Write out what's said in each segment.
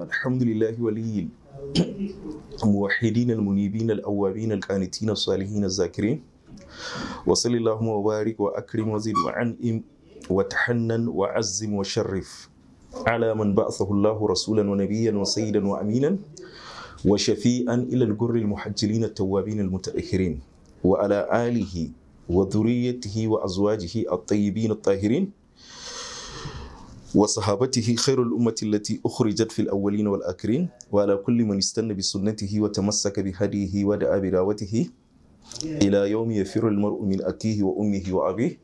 الحمد لله ولي الموحدين المنيبين الأوابين القانتين الصالحين الذاكرين وصل اللهم وبارك وأكرم وزد وعنئم وتحنن وعزم وشرف على من بعثه الله رسولا ونبيا وسيدا وأمينا وشفيئا إلى الجر المحجلين التوابين المتأخرين وعلى آله وذريته وأزواجه الطيبين الطاهرين وصحابته خير الأمة التي أخرجت في الأولين والآخرين وعلى كل من استنى بسنته وتمسك بهديه ودعا بدعوته إلى يوم يفر المرء من أكيه وأمه وأبيه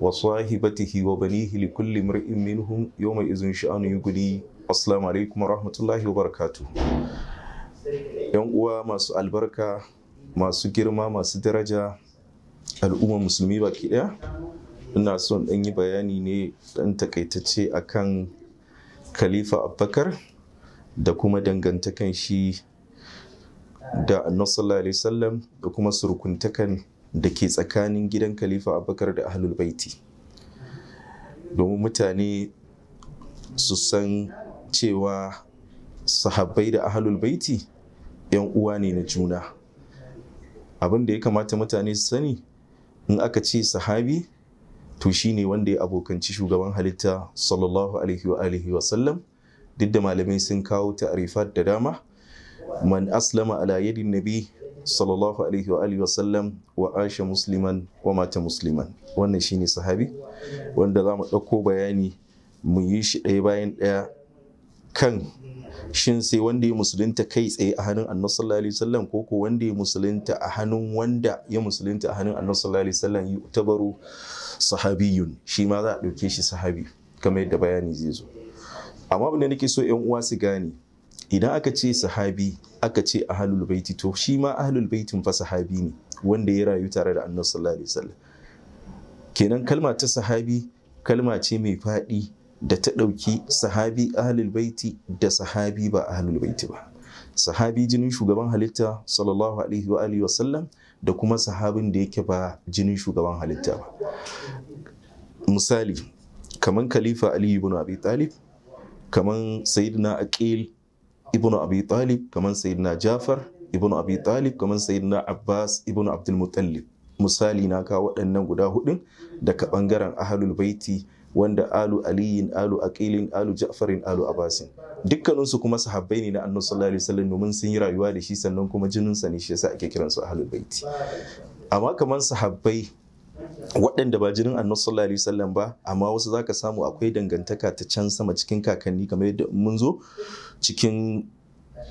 وصاحبته وبنيه لكل امرئ منهم يومئذ شأن يغني السلام عليكم ورحمة الله وبركاته yan uwa masu albarka masu girma masu daraja al'ummar musulmi baki daya ina son ɗan yi bayani ne ɗan a kan khalifa abubakar da kuma dangantakan shi da annasallah sallam da kuma surkuntakan da ke tsakanin gidan khalifa abubakar da ahlul baiti domin mutane su san cewa sahabbai da ahlul baiti yan uwa ne na juna abin da ya kamata mutane su sani in aka ce sahabi to ne wanda ya abokanci shugaban halitta sallallahu alaihi wa alihi wa sallam duk da malamai sun kawo ta'rifat da dama man aslama ala yadin nabi sallallahu alaihi wa alihi wa sallam wa asha musliman wa mata musliman wannan shine sahabi wanda za mu ɗauko bayani mu yi shi ɗaya bayan ɗaya kan shin sai wanda ya musulunta kai tsaye a hannun annabi sallallahu alaihi wasallam ko ko wanda ya musulunta a hannun wanda ya musulunta a hannun annabi sallallahu alaihi wasallam yutabaru sahabiyun shi ma za a dauke shi sahabi kamar yadda bayani zai zo amma abin da nake so yan uwa su gane idan aka ce sahabi aka ce ahlul baiti to shi ma ahlul baitin fa sahabi ne wanda ya rayu tare da annabi sallallahu alaihi wasallam kenan kalma ta sahabi kalma ce mai faɗi da ta ɗauki sahabi ahlul baiti da sahabi ba ahlul baiti ba sahabi jinin shugaban halitta sallallahu alaihi wa alihi wasallam da kuma sahabin da yake ba jinin shugaban halitta ba misali kaman khalifa ali ibn abi talib kaman sayyidina aqil ibn abi talib kaman sayyidina jafar ibn abi talib kaman sayyidina abbas ibn abdul muttalib misali na ka waɗannan guda hudun daga ɓangaren ahalul baiti wanda alu aliyin alu aqilin alu ja'farin alu abasin dukkaninsu kuma sahabbai ne na annabi sallallahu alaihi wasallam domin sun yi rayuwa da shi sannan kuma jininsa ne shi yasa ake kiransu ahlul baiti amma kamar sahabbai waɗanda ba jinin annabi sallallahu alaihi wasallam ba amma wasu zaka samu akwai dangantaka ta can sama cikin kakanni kamar yadda mun zo cikin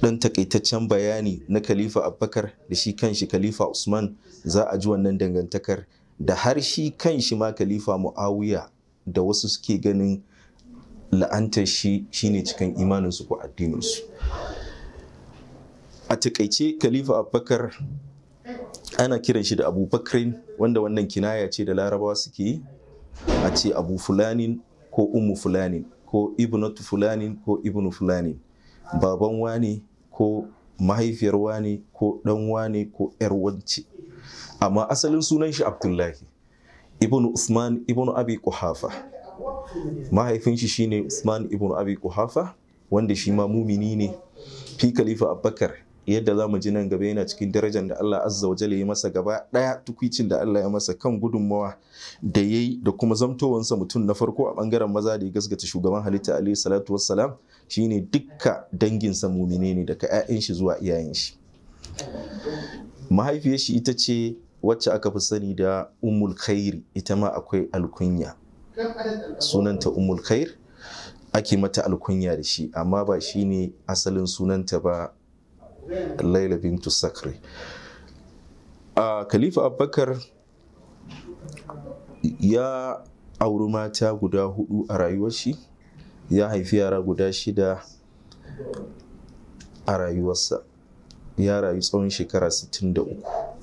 dan takaitaccen bayani na khalifa abubakar da shi kanshi khalifa usman za a ji wannan dangantakar da har shi kanshi ma khalifa muawiya da wasu suke ganin la'antar shi shine cikin imaninsu ko addininsu a takaice khalifa abubakar ana kiran shi da abubakarin wanda wannan kinaya ce da larabawa suke yi a ce abu fulanin ko umu fulanin ko ibnatu fulanin ko ibnu fulanin baban wani ko mahaifiyar wani ko dan wani ko yar wance amma asalin sunan shi abdullahi Ibnu usman ibnu abi Quhafa mahaifin shi shine usman Ibnu abi Quhafa wanda shi ma mumini ne fi khalifa abubakar yadda za mu ji nan gaba yana cikin darajar da Allah azza wa jalla ya masa gaba daya tukwicin da Allah ya masa kan gudunmawa da yayi da kuma zamtowansa mutum na farko a bangaren maza da ya gasgata shugaban halitta alaihi salatu wassalam shine dukka danginsa mumini ne daga 'ya'yan shi zuwa iyayen shi mahaifiyar shi ita ce wacce aka fi sani da umul khairi ita ma akwai alkunya sunanta umul khair ake mata alkunya da shi amma ba shi ne asalin sunanta ba laila bintu Sakre. a khalifa abubakar ya auri mata guda hudu a rayuwar shi ya haifi yara guda shida a rayuwarsa ya rayu tsawon shekara 63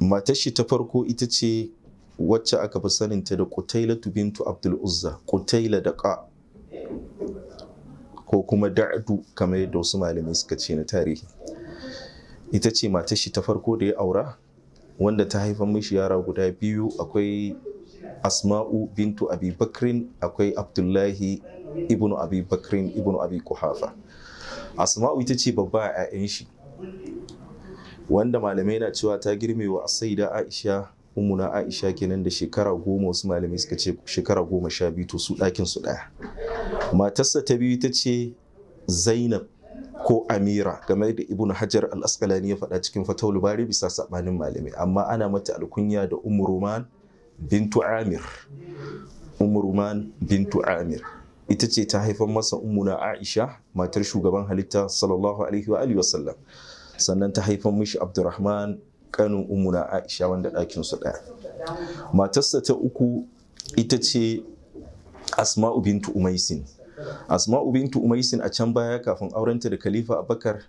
Matashi ta farko ita ce wacce aka fi saninta da kutaila bintu Abdul Uzza kutaila da ka ko kuma Da'du kamar yadda wasu malamai suka ce na tarihi ita ce matashi ta farko da ya aura wanda ta haifa mishi yara guda biyu akwai Asma'u bintu Abi Bakrin akwai Abdullahi ibnu Abi Bakrin ibnu Abi Kuhafa Asma'u ita ce babba a 'ya'yan shi wanda malamai na cewa ta girme wa asaida aisha umuna aisha kenan da shekara goma wasu malamai suka ce shekara goma sha biyu to su ɗakin su ɗaya matarsa ta biyu ta ce zainab ko amira game da ibnu hajar al-asqalani ya faɗa cikin fatawul bari bisa sabanin malamai amma ana mata alkunya da umruman bintu amir umruman bintu amir ita ce ta haifar masa ummuna aisha matar shugaban halitta sallallahu alaihi wa alihi sallam sannan ta haifan mishi abdurrahman kanu umuna aisha wanda ɗakin su ɗaya matarsa ta uku ita ce asma'u bintu umaisin asma'u bintu umaisin a can baya kafin aurenta da khalifa abakar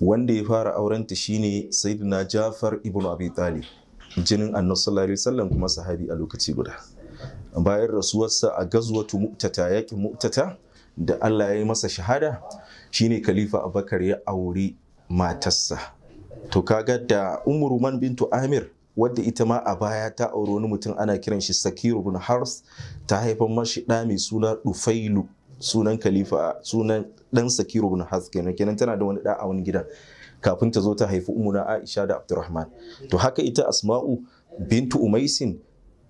wanda ya fara aurenta shine sayyidina jafar ibnu abi talib jinin annabi sallallahu alaihi wasallam kuma sahabi a lokaci guda bayan rasuwarsa a gazwatu mu'tata yakin mu'tata da Allah ya yi masa shahada shine khalifa abakar ya aure. matarsa to ka ga da umru bintu amir wadda ita ma a baya ta auri wani mutum ana kiran shi sakiru bin hars ta haifar mashi ɗa mai suna dufailu sunan khalifa sunan ɗan sakiru bin hars kenan kenan tana da wani ɗa a wani gidan kafin ta zo ta haifi umuna aisha da abdurrahman to haka ita asma'u bintu umaisin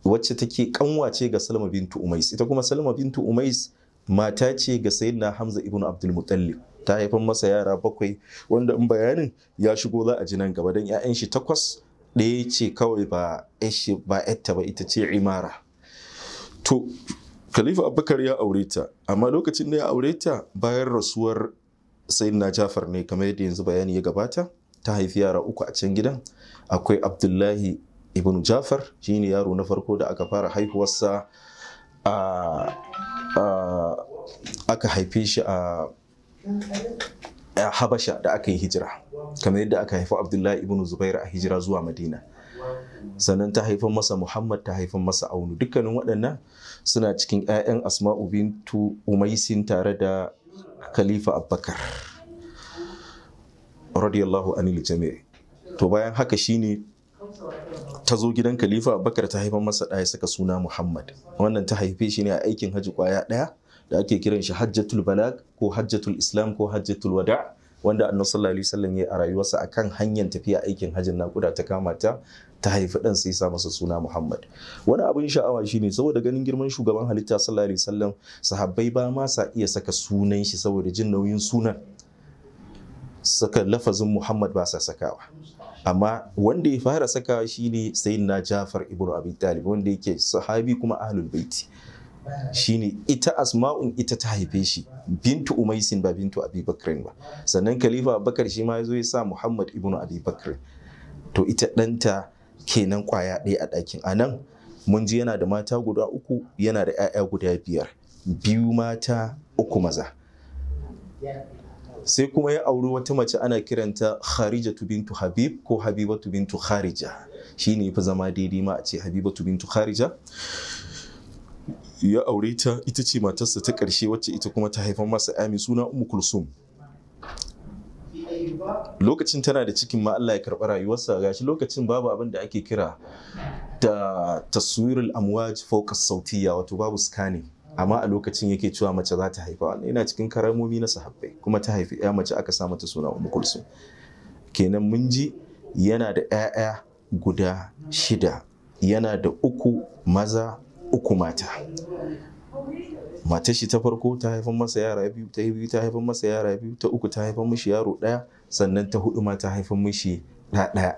wacce take kanwace ga salma bintu umais ita kuma salma bintu umais mata ce ga sayyidina hamza ibn abdul muttalib ta haifar masa yara bakwai wanda in bayanin ya shigo za a ji nan gaba don 'ya'yan shi takwas ɗaya ce kawai ba ba yatta ba ita ce imara to khalifa abubakar ya aure ta amma lokacin da ya aure ta bayan rasuwar sayyidina jafar ne kamar yadda yanzu bayani ya gabata ta haifi yara uku a can gidan akwai abdullahi ibn jafar shine yaro na farko da aka fara haihuwarsa aka haife shi a a habasha da aka yi hijira kamar yadda aka haifi abdullahi ibn Zubairu a hijira zuwa madina sannan ta haifan masa muhammad ta haifan masa aunu dukkanin waɗannan suna cikin 'ya'yan asma'u bintu umaisin tare da khalifa Abubakar radiyallahu anil jami'i to bayan haka shine ta zo gidan khalifa Abubakar ta haifan masa ɗaya suka suna muhammad wannan ta haife shi ne a aikin hajji kwaya ɗaya da ake kiran shi hajjatul balag ko hajjatul islam ko hajjatul wada wanda annabi sallallahu alaihi wasallam ya a rayuwarsa akan hanyar tafiya aikin hajjin nakuda ta kamata ta haifi ɗan sai sa masa suna Muhammad wani abin sha'awa shine saboda ganin girman shugaban halitta sallallahu alaihi wasallam sahabbai ba ma sa iya saka sunan shi saboda jin nauyin sunan saka lafazin Muhammad ba sa sakawa amma wanda ya fara sakawa shine sayyidina Jafar ibn Abi Talib wanda yake sahabi kuma ahlul baiti shine ita asma'un ita ta haife shi bintu umaisin ba bintu abubakarin ba sannan khalifa abubakar shi ma ya zo ya sa muhammad ibnu abubakar to ita ɗanta kenan kwaya ɗaya a ɗakin a nan mun ji yana da mata guda uku yana da 'ya'ya guda biyar biyu mata uku maza sai kuma ya auri wata mace ana kiranta Kharijatu bintu Habib ko Habibatu bintu Kharija shine fi zama daidai ma a ce Habibatu bintu Kharija ya aure ta ita ce matarsa ta ƙarshe wacce ita kuma ta haifar masa mai suna umu kulsum lokacin tana da cikin ma Allah ya karɓi rayuwarsa gashi lokacin babu abin da ake kira da taswirul amwaj fawqa sautiyya wato babu skani, amma a lokacin yake cewa mace za ta haifa wannan yana cikin karamomi na sahabbai kuma ta haifi ya mace aka sa mata suna umu kulsum kenan mun ji yana da 'ya'ya guda shida yana da uku maza uku mata mata shi ta farko ta haifar masa yara biyu ta biyu ta haifar masa yara biyu ta uku ta haifar mishi yaro ɗaya sannan ta hudu ma ta haifar mishi ɗa ɗaya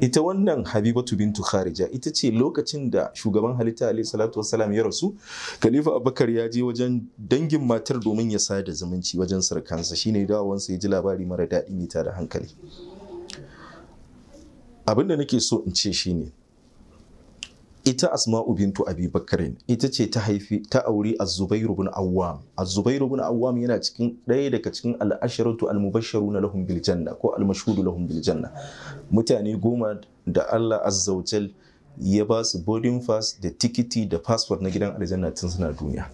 ita wannan habibatu bintu kharija ita ce lokacin da shugaban halitta alaihi salatu wassalam ya rasu khalifa abubakar ya je wajen dangin matar domin ya sada zumunci wajen sarkansa shine sa ya ji labari mara daɗi mita da hankali Abinda nake so in ce shine ita asma'u bintu abi bakarin ita ce ta haifi ta auri az-zubair ibn awwam az-zubair ibn awwam yana cikin ɗaya daga cikin al-asharatu al-mubashsharuna lahum bil janna ko al-mashhudu lahum bil janna mutane goma da Allah azza wajal ya ba su boarding pass da tikiti da passport na gidan aljanna tun suna duniya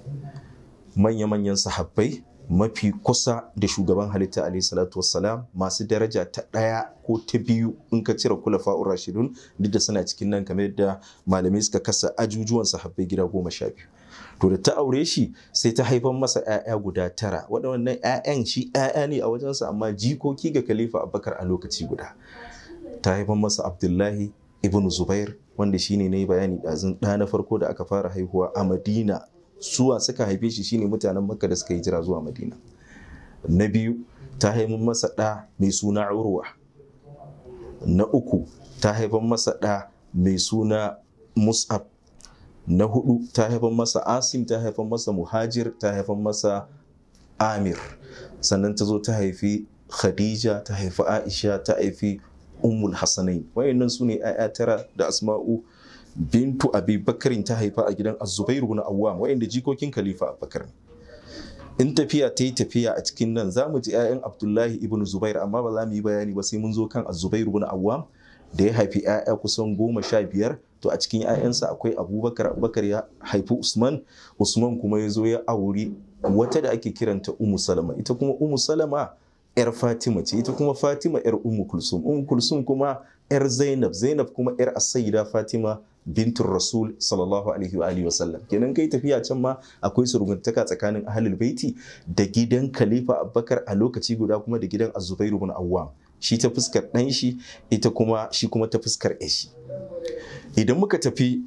manya-manyan sahabbai mafi kusa da shugaban halitta alaihi salatu wassalam masu daraja ta ɗaya ko ta biyu in ka cire fa'ur rashidun duk da suna cikin nan kamar yadda malamai suka kasa ajujuwan sahabbai gida goma sha biyu to da ta aure shi sai ta haifar masa 'ya'ya guda tara waɗannan 'ya'yan shi 'ya'ya ne a wajen wajensa amma jikoki ga khalifa abubakar a lokaci guda ta haifar masa abdullahi ibn zubair wanda shine ne bayani ɗazun ɗa na farko da aka fara haihuwa a madina suwa suka haife shi shine mutanen makka da suka hijira zuwa madina na biyu ta haimun masa ɗa mai suna urwa na uku ta haifan masa ɗa mai suna mus'ab na hudu ta haifan masa asim ta haifan masa muhajir ta haifan masa amir sannan ta zo ta haifi khadija ta haifi aisha ta haifi umul hasanai wayannan su ne 'ya'ya tara da asma'u bintu abi bakarin ta haifa a gidan azubairu na awwam wa'inda jikokin khalifa abubakar ne in tafiya ta yi tafiya a cikin nan za mu ji 'ya'yan abdullahi ibn zubair amma ba za mu yi bayani ba sai mun zo kan azubairu na awwam da ya haifi 'ya'ya kusan goma sha biyar to a cikin 'ya'yansa akwai abubakar abubakar ya haifi usman usman kuma ya zo ya auri wata da ake kiranta umu salama ita kuma umu salama 'yar fatima ce ita kuma fatima 'yar umu kulsum umu kulsum kuma 'yar zainab zainab kuma 'yar asayida fatima Bintun rasul sallallahu alaihi wa alihi wasallam kenan kai tafiya can ma akwai surguntaka tsakanin ahlul baiti da gidan khalifa abubakar a lokaci guda kuma da gidan Al-Zubairu bin awwam shi ta fuskar dan shi ita kuma shi kuma ta fuskar ishi. idan muka tafi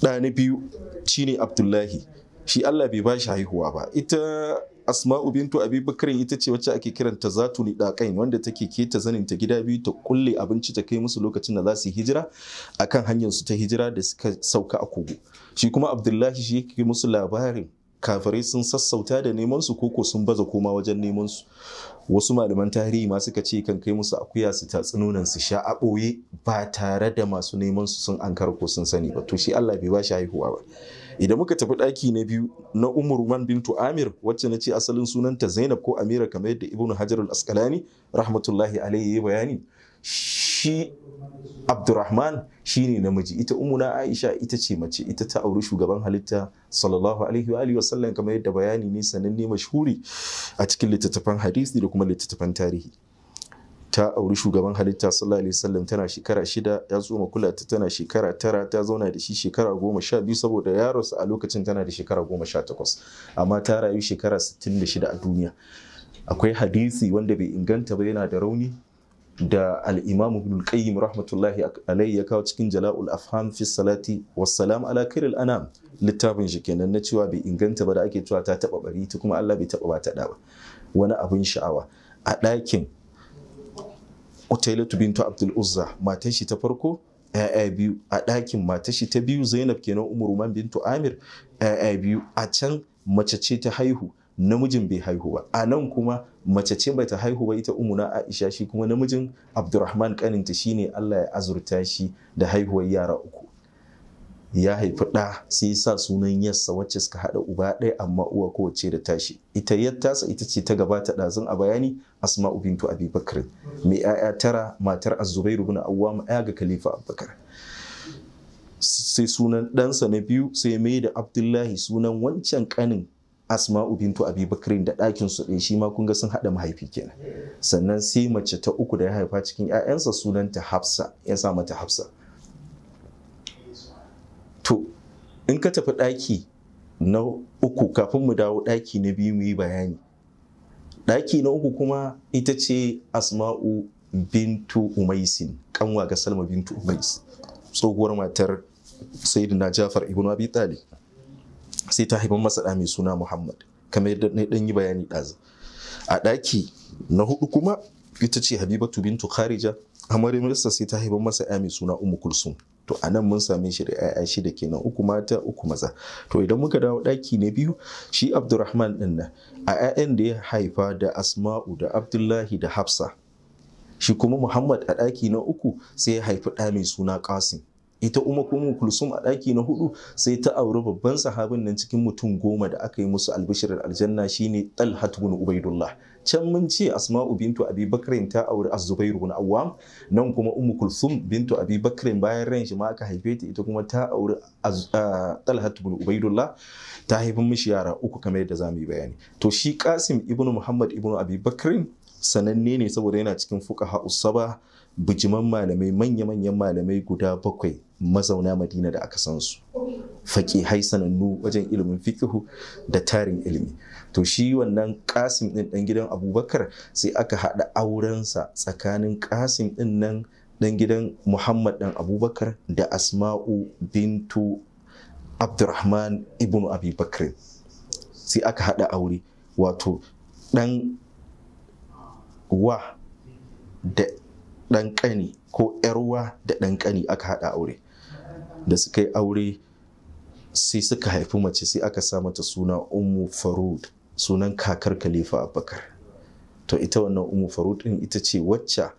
ɗani biyu shine abdullahi shi Allah bai ba shi haihuwa ba ita asma'u bintu abi bakarin ita ce wacce ake kiranta zatu ni daƙain wanda take keta zanin ta gida biyu ta kulle abinci ta kai musu lokacin da za su hijira akan hanyar su ta hijira da suka sauka a kogo shi kuma abdullahi shi yake musu labarin kafare sun sassauta da neman su koko sun baza koma wajen neman su wasu malaman tarihi ma suka ce kan kai musu akuya su tatsi su sha a ɓoye ba tare da masu neman su sun ankar ko sun sani ba to shi Allah bai ba shi haihuwa ba idan muka tafi ɗaki na biyu na umurman bintu amir wacce na ce asalin sunanta zainab ko amira kamar yadda Ibn hajar al-asqalani rahmatullahi alaihi ya bayani shi abdurrahman shine namiji ita ummuna aisha ita ce mace ita ta auri shugaban halitta sallallahu alaihi wa alihi wasallam kamar yadda bayani ne sananne mashhuri a cikin littattafan hadisi da kuma littattafan tarihi ta auri shugaban halitta sallallahu alaihi wasallam tana shekara shida ya tsoma kula ta tana shekara tara ta zauna da shi shekara goma sha biyu saboda yaronsa a lokacin tana da shekara goma sha takwas amma ta rayu shekara sittin da shida a duniya akwai hadisi wanda bai inganta ba yana da rauni da al-Imam Ibn rahmatullahi alayhi ya kawo cikin Jala'ul Afham fi salati wassalam ala kiril anam littafin shi kenan na cewa bai inganta ba da ake cewa ta taba bari ta kuma Allah bai taba ba ta da wani abin sha'awa a ɗakin utailatu bintu abdul uzza matar shi ta farko ‘ya'ya biyu a dakin matan shi ta biyu zainab kenan umurman bintu amir ‘ya'ya biyu a can mace ce ta haihu namijin bai haihu ba a nan kuma mace ce bai ta haihu ba ita umuna aisha shi kuma namijin abdurrahman kaninta shine allah ya azurta shi da haihuwar yara uku ya haifi ɗa sai ya sa sunan yassa wacce suka haɗa uba ɗaya amma uwa kowace da tashi ita yattasa ita ce ta gabata ɗazun a bayani asma'u bintu abubakar mai 'ya'ya tara matar azubairu bin awwam ya ga khalifa abubakar sai sunan ɗansa na biyu sai mai da abdullahi sunan wancan ƙanin asma'u bintu abubakar da ɗakin su ɗaya shi ma kun ga sun haɗa mahaifi kenan sannan sai mace ta uku da ya haifa cikin 'ya'yansa sunanta hafsa ya sa mata hafsa in ka tafi ɗaki na uku kafin mu dawo ɗaki na biyu mu yi bayani ɗaki na uku kuma ita ce asma'u bintu umaisin kanwa ga salma bintu umais tsohuwar matar sayyidina jafar ibn abi talib sai ta haifar masa ɗa mai suna muhammad kamar yadda na ɗan yi bayani ɗazu a ɗaki na hudu kuma ita ce habibatu bintu kharija amaryarsa sai ta haifar masa ɗa mai suna ummu kulsum to a nan mun same shi da 'ya'ya shida kenan uku mata uku maza to idan muka dawo ɗaki na biyu shi abdurrahman ɗin nan a 'ya'yan da ya haifa da asma'u da abdullahi da hafsa shi kuma muhammad a ɗaki na uku sai ya haifi ɗa mai suna qasim ita umma kuma kulsum a ɗaki na hudu sai ta auri babban sahabin nan cikin mutum goma da aka yi musu albishirar aljanna shine talhat bin ubaidullah can mun ce asma'u bintu abi bakrin ta auri az-zubairu bin awwam nan kuma ummu kulsum bintu abi bakrin bayan ran shi ma aka haife ta ita kuma ta auri ah, talhat bin ubaidullah ta haifin mishi yara uku kamar yadda zamu yi bayani to shi qasim ibnu muhammad ibnu abi bakrin sananne ne saboda yana cikin fuqaha usaba bijiman malamai manya-manyan malamai guda bakwai mazauna madina da aka san su faƙi sanannu wajen ilimin fikihu da tarin ilimi to shi wannan kasim ɗin ɗan gidan abubakar sai aka haɗa aurensa tsakanin kasim ɗin nan ɗan gidan muhammad ɗan abubakar da asma'u bintu abdurrahman ibn abi bakr sai aka haɗa aure wato ɗan wa da ɗan ƙani ko uwa da ɗan ƙani aka haɗa aure da suka yi aure sai suka haifi mace sai aka sa mata suna ummu farud sunan kakar khalifa abubakar to ita wannan ummu farud ɗin ita ce wacce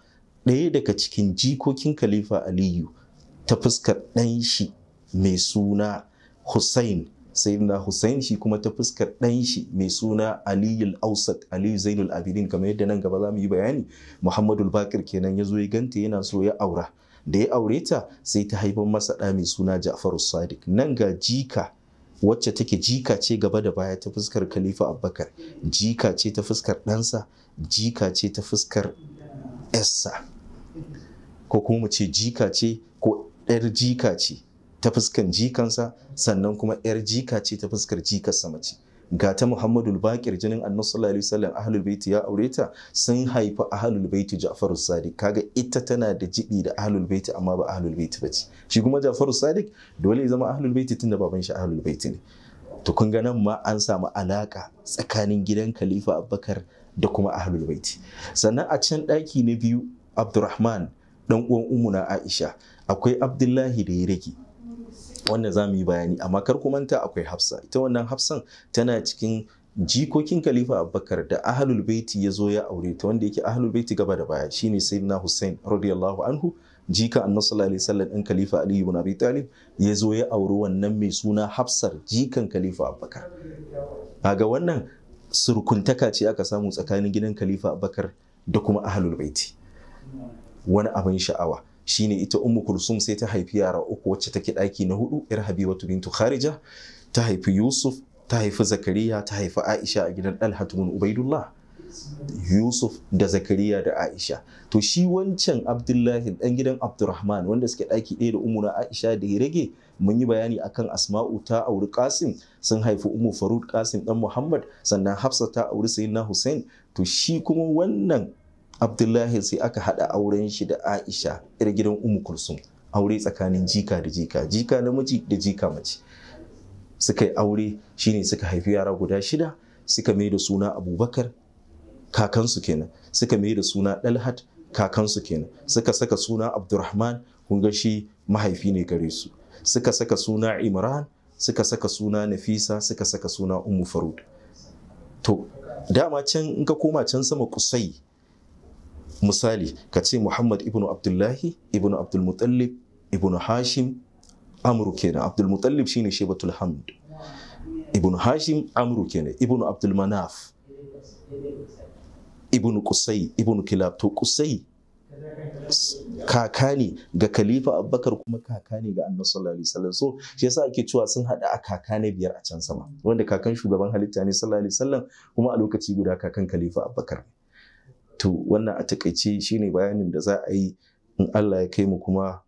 ɗaya daga cikin jikokin khalifa aliyu ta fuskar ɗan shi mai suna hussein Sai na Hussein shi kuma ta fuskar ɗan shi mai suna Aliyu Ausat Aliyu Zainul Abidin kamar yadda nan gaba za mu yi bayani Muhammadul Bakir kenan ya zo ya ganta yana so ya aura da ya aure ta sai ta haifar masa ɗa mai suna Ja'faru Sadiq nan ga jika wacce take jika ce gaba da baya ta fuskar Khalifa Abubakar jika ce ta fuskar ɗansa jika ce ta fuskar Essa ko kuma mu ce jika ce ko ɗar jika ce ta fuskan jikansa sannan kuma yar jika ce ta fuskar jikarsa mace ga ta Muhammadu Bakir jinin Annabi sallallahu alaihi wasallam Ahlul Baiti ya aure ta sun haifa Ahlul Baiti Ja'faru Sadiq kaga ita tana da jibi da Ahlul Baiti amma ba Ahlul Baiti bace shi kuma Ja'faru Sadiq dole ya zama Ahlul Baiti tunda baban shi Ahlul Baiti ne to kun ga nan ma an samu alaka tsakanin gidan Khalifa Abubakar da kuma Ahlul Baiti sannan a can daki na biyu Abdurrahman dan uwan Umuna Aisha akwai Abdullahi da ya rage wannan za mu yi bayani amma kar ku manta akwai hafsa ita wannan hafsan tana cikin jikokin khalifa abubakar da ahlul baiti ya zo ya aure ta wanda yake ahlul baiti gaba da baya shine sayyidina hussein radiyallahu anhu jika annabi sallallahu alaihi wasallam din khalifa ali ibn abi talib ya zo ya aure wannan mai suna hafsar jikan khalifa abubakar kaga wannan surkuntaka ce aka samu tsakanin gidan khalifa abubakar da kuma ahlul baiti wani abin sha'awa shine ita ummu kulsum sai ta haifi yara uku wacce take ɗaki na hudu yar habibatu bintu kharija ta haifi yusuf ta haifi zakariya ta haifi aisha a gidan dalhatu bin ubaidullah yusuf da zakariya da aisha to shi wancan abdullahi dan gidan abdurrahman wanda suke daki ɗaya da na aisha da ya rage mun yi bayani akan asma'u ta auri Qasim? sun haifi ummu farud Qasim dan muhammad sannan hafsa ta auri sayyidina hussein to shi kuma wannan abdullahi sai aka haɗa auren shi da aisha yar gidan umu kulsum aure tsakanin jika da jika jika namiji da jika mace suka yi aure shine suka haifi yara guda shida suka mai da suna abubakar kakan su kenan suka mai da suna dalhat su kenan suka saka suna abdurrahman kun ga shi mahaifi ne gare su suka saka suna imran suka saka suna nafisa suka saka suna ummu farud to dama can in ka koma can sama kusai misali ka ce muhammad ibn abdullahi ibn abdulmutallib ibn hashim amru kenan abdulmutallib shine shebatul hamd ibn hashim amru kenan ibn abdulmanaf ibn kusai ibn kilab to kusai kaka ne ga khalifa abubakar kuma kaka ne ga annabi sallallahu alaihi wasallam so shi yasa ake cewa sun hada a kaka biyar a can sama wanda kakan shugaban halitta ne sallallahu alaihi wasallam kuma a lokaci guda kakan khalifa abubakar ne to wannan a takaice shine bayanin da za a yi in Allah ya kai mu kuma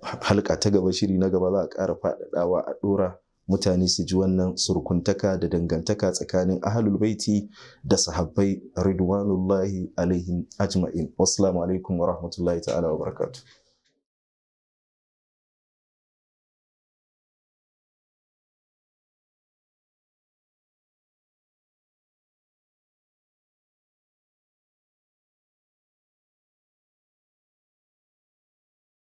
halka ta gaba shiri na gaba za a ƙara faɗaɗawa a ɗora mutane su ji wannan surkuntaka da dangantaka tsakanin ahalul baiti da sahabbai ridwanullahi alaihim ajma'in wasu alaikum wa rahmatullahi ta'ala wa barakatuh